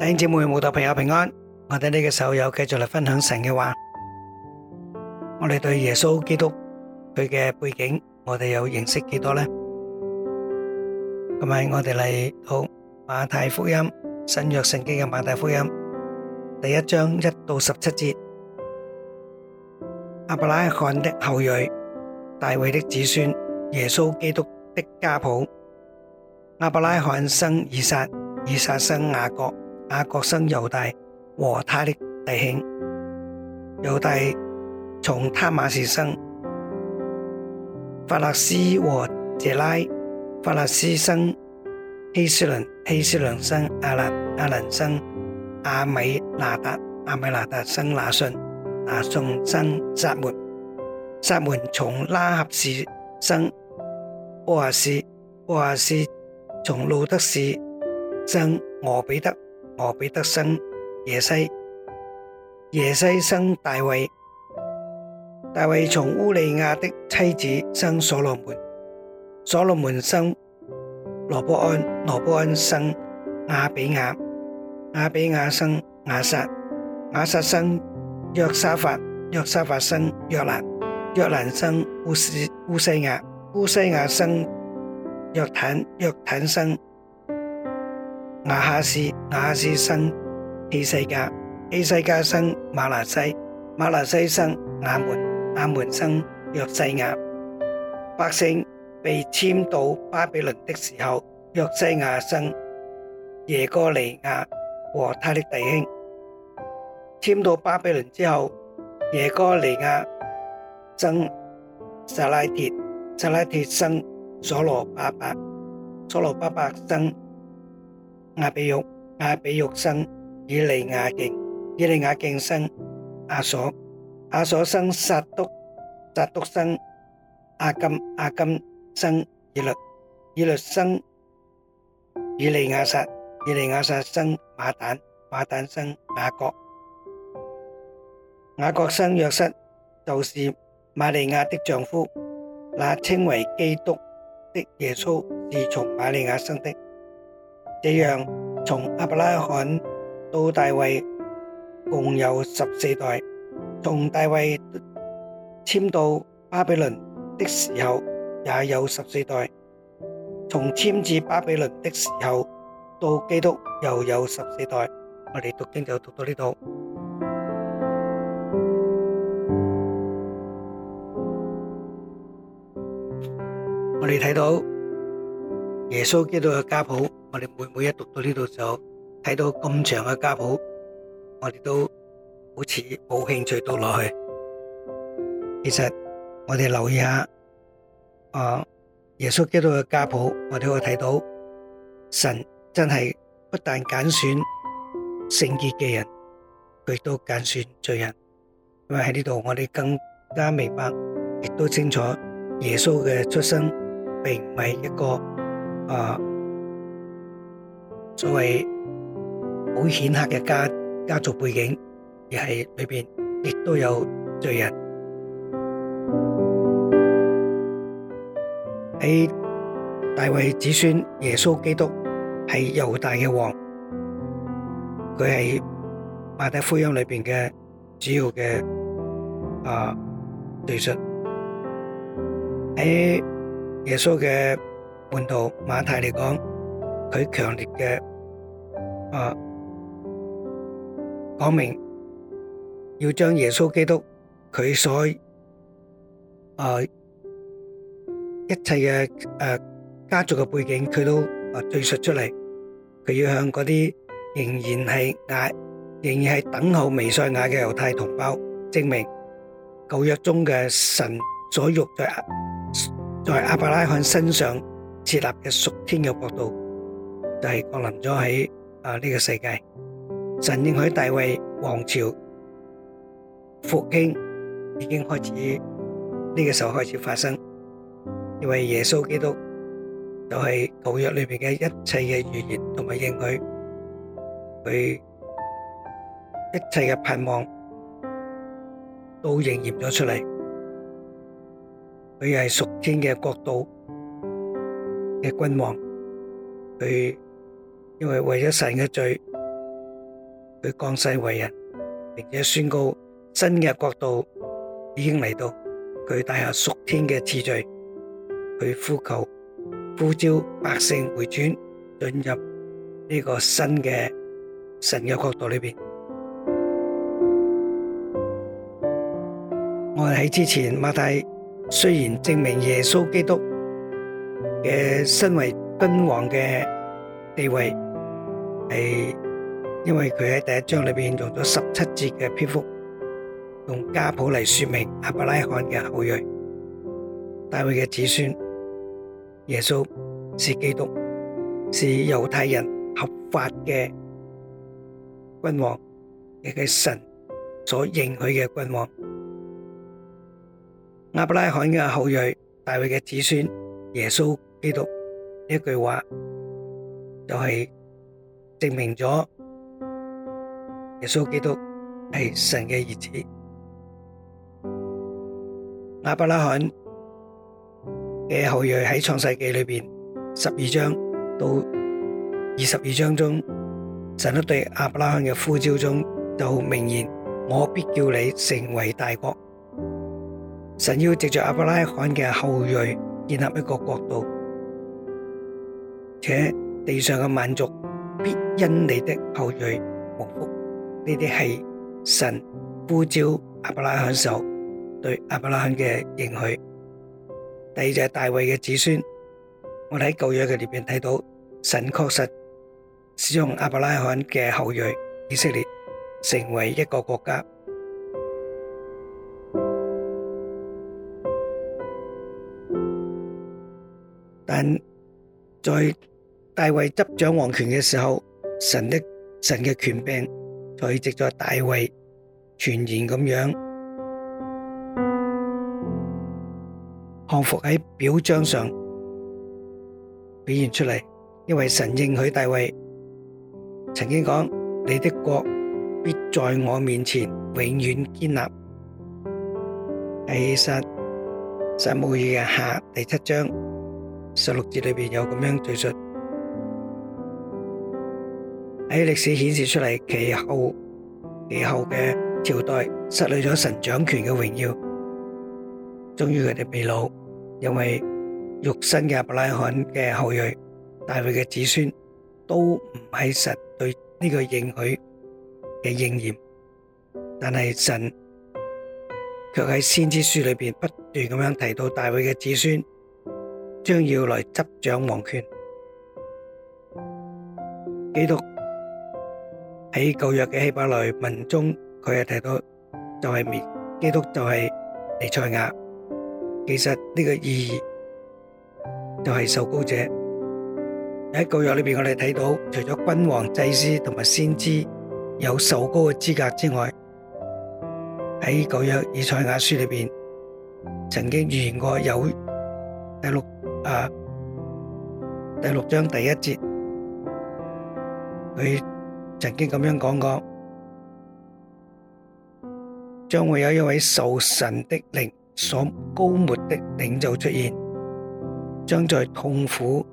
弟兄姊妹、慕道朋友平安。我哋呢個時候又繼續嚟分享神嘅話，我哋對耶穌基督佢嘅背景，我哋有認識幾多呢？咁喺我哋嚟讀馬太福音新約聖經嘅馬太福音第一章一到十七節，亞伯拉罕的後裔、大衛的子孫、耶穌基督的家譜。亞伯拉罕生以撒，以撒生雅各。亞各生猶大和他的弟兄，猶大從他瑪氏生法勒斯和謝拉，法勒斯生希斯倫，希斯倫生亞蘭，亞蘭生亞米拿達，亞米拿達生拿順，拿順生撒門，撒門從拉合氏生波阿斯，波阿斯從路得氏生俄比德。俄備得生耶西，耶西生大衛，大衛從烏利亞的妻子生所羅門，所羅門生羅波安，羅波安生亞比雅，亞比雅生亞撒，亞撒生約沙法，約沙法生約蘭，約蘭生烏西烏西雅，烏西雅生約坦，約坦生。亞哈斯、亞哈斯生希西家，希西家生馬拿西，馬拿西生亞門，亞門生約西亞。百姓被遷到巴比倫的時候，約西亞生耶哥尼亞和他的弟兄。遷到巴比倫之後，耶哥尼亞生撒拉鐵，撒拉鐵生所羅巴伯，所羅巴伯生。亞比玉、亞比玉生以利亞敬，以利亞敬生亞索，亞索生撒督，撒督生亞金，亞金生以律，以律生以利亞撒，以利亞撒生馬但，馬但生雅各，雅各生約瑟，就是瑪利亞的丈夫。那稱為基督的耶穌，是從瑪利亞生的。這樣，從亞伯拉罕到大衛共有十四代，從大衛遷到巴比倫的時候也有十四代，從遷至巴比倫的時候到基督又有十四代。我哋讀經就讀到呢度，我哋睇到耶穌基督嘅家譜。我哋每每一讀到呢度就睇到咁長嘅家譜，我哋都好似冇興趣讀落去。其實我哋留意下，啊，耶穌基督嘅家譜，我哋會睇到神真係不但揀選聖潔嘅人，佢都揀選罪人。因為喺呢度，我哋更加明白，亦都清楚耶穌嘅出生並唔係一個啊。所謂好顯赫嘅家家族背景，而係裏邊亦都有罪人。喺大衛子孫耶穌基督係猶大嘅王，佢係馬太福音裏邊嘅主要嘅啊敘述，喺耶穌嘅門徒馬太嚟講，佢強烈嘅，啊，講明要將耶穌基督佢所，啊，一切嘅誒家族嘅背景，佢都啊敘述出嚟，佢要向嗰啲仍然係亞，仍然係等候彌賽亞嘅猶太同胞，證明舊約中嘅神所欲在在亞伯拉罕身上設立嘅屬天嘅國度。就係降臨咗喺啊呢個世界，神應許大衛王朝復興已經開始，呢個時候開始發生，因為耶穌基督就係舊約裏邊嘅一切嘅預言同埋應許，佢一切嘅盼望都應驗咗出嚟，佢係屬天嘅國度嘅君王，佢。因為為咗神嘅罪，佢降世為人，並且宣告新嘅國度已經嚟到，佢帶下屬天嘅次序，佢呼求呼召百姓回轉，進入呢個新嘅神嘅國度裏面。我喺之前馬太雖然證明耶穌基督嘅身為君王嘅地位。係因為佢喺第一章裏面用咗十七節嘅篇幅，用家譜嚟說明阿伯拉罕嘅後裔大衛嘅子孫耶穌是基督，是猶太人合法嘅君王，亦係神所應許嘅君王。阿伯拉罕嘅後裔大衛嘅子孫耶穌基督，一句話就係、是。證明咗耶穌基督係神嘅兒子。亞伯拉罕嘅後裔喺創世紀裏面十二章到二十二章中，神都對亞伯拉罕嘅呼召中就明言：我必叫你成為大國。神要藉着亞伯拉罕嘅後裔建立一個國度，且地上嘅民族。必因你的後裔蒙福，呢啲係神呼召亞伯拉罕時候對亞伯拉罕嘅應許。第二就係大衛嘅子孫，我哋喺舊約嘅裏邊睇到，神確實使用亞伯拉罕嘅後裔以色列成為一個國家，但在。大衛執掌王權嘅時候，神的神嘅權柄就一直在大衛全然咁樣降服喺表彰上表現出嚟，因為神應許大衛曾經講：，你的國必在我面前永遠堅立。喺撒撒母耳嘅下第七章十六節裏邊有咁樣敘述。喺歷史顯示出嚟，其後其後嘅朝代失去咗神掌權嘅榮耀，終於佢哋被擄，因為肉身嘅亞伯拉罕嘅後裔大衛嘅子孫都唔係神對呢個應許嘅應驗，但係神卻喺先知書裏面不斷咁樣提到大衛嘅子孫將要來執掌王權，基督。喺舊約嘅希伯來文中，佢係提到就係彌基督就係彌賽亞，其實呢個意義就係受膏者。喺舊約裏邊，我哋睇到除咗君王、祭司同埋先知有受膏嘅資格之外，喺舊約以賽亞書裏邊，曾經預言過有第六啊第六章第一節佢。曾經咁樣講過，將會有一位受神的靈所膏抹的領袖出現，將在痛苦、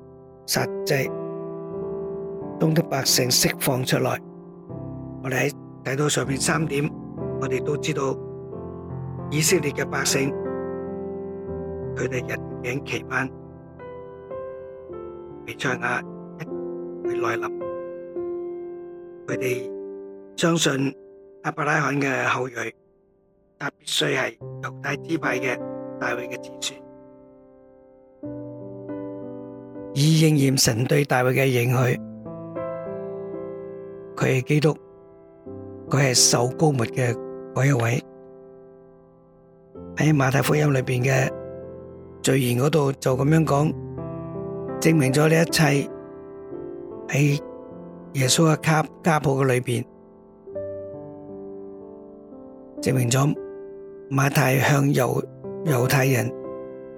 殺寂中的百姓釋放出來。我哋喺睇到上面三點，我哋都知道以色列嘅百姓，佢哋人頸奇彎，會唱歌，會亂諗。佢哋相信亞伯拉罕嘅後裔，但必須係猶大支派嘅大衛嘅子孫，以應驗神對大衛嘅應許。佢係基督，佢係受膏物嘅嗰一位。喺馬太福音裏邊嘅序言嗰度就咁樣講，證明咗呢一切係。耶穌嘅家家譜嘅裏面，證明咗馬太向猶猶太人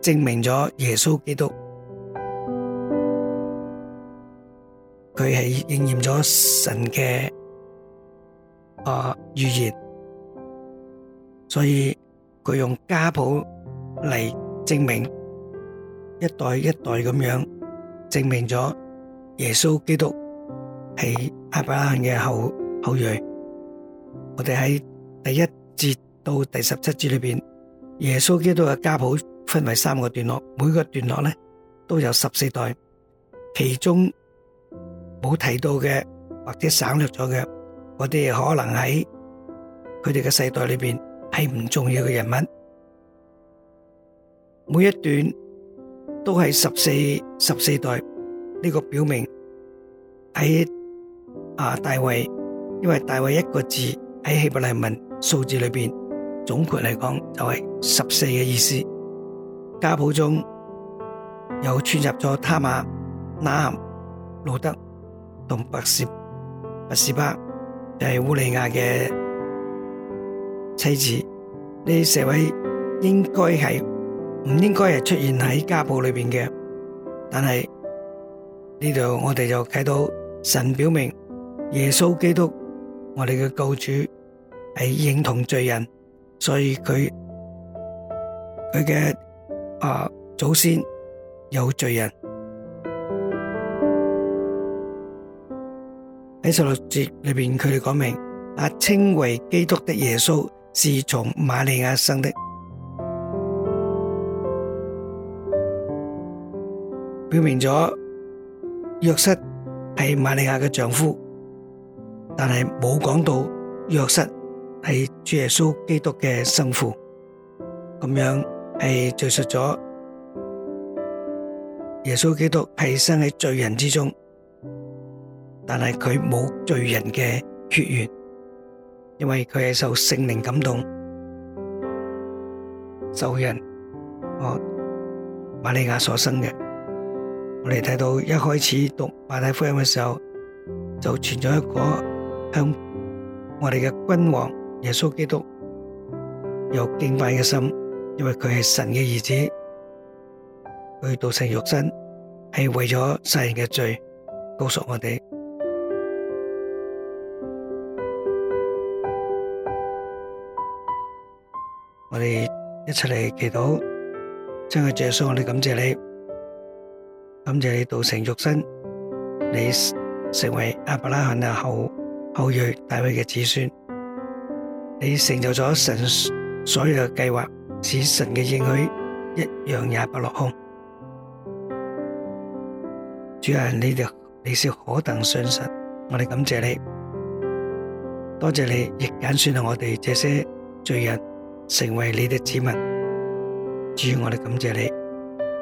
證明咗耶穌基督，佢係應驗咗神嘅啊預言，所以佢用家譜嚟證明一代一代咁樣證明咗耶穌基督。係亞伯拉罕嘅後後裔，我哋喺第一節到第十七節裏邊，耶穌基督嘅家譜分為三個段落，每個段落咧都有十四代，其中冇提到嘅或者省略咗嘅，我哋可能喺佢哋嘅世代裏邊係唔重要嘅人物。每一段都係十四十四代呢個表明喺。啊，大衛，因為大衛一個字喺希伯來文數字裏邊，總括嚟講就係十四嘅意思。家譜中有串入咗他瑪、拿轄、路得同拔示、拔示巴，就係、是、烏利亞嘅妻子。呢四位應該係唔應該係出現喺家譜裏邊嘅，但係呢度我哋就睇到神表明。耶穌基督,我哋嘅救主,係認同罪人,所以,佢,佢嘅啊,祖先有罪人。喺十六節裏面,佢哋講明,啊稱為基督的耶穌是從馬利亞生的。表明咗,約瑟係馬利亞嘅丈夫,但係冇講到約瑟係主耶穌基督嘅生父，咁樣係敘述咗耶穌基督係生喺罪人之中，但係佢冇罪人嘅血緣，因為佢係受聖靈感動，受人哦瑪利亞所生嘅。我哋睇到一開始讀馬太福音嘅時候，就存在一個。向我哋嘅君王耶穌基督有敬拜嘅心，因為佢係神嘅兒子，佢道成肉身係為咗世人嘅罪，告訴我哋。我哋一齊嚟祈禱，親愛嘅耶穌，我哋感謝你，感謝你道成肉身，你成為亞伯拉罕嘅後。後裔大衛嘅子孫，你成就咗神所有嘅計劃，是神嘅應許，一樣也不落空。主啊，你哋，你是何等信實，我哋感謝你，多謝你亦揀選咗我哋這些罪人成為你的子民。主啊，我哋感謝你，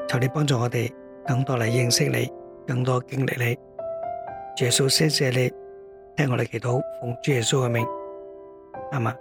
求你幫助我哋更多嚟認識你，更多經歷你。耶穌，多謝你。聽我哋祈禱，奉主耶穌嘅名，啱嘛？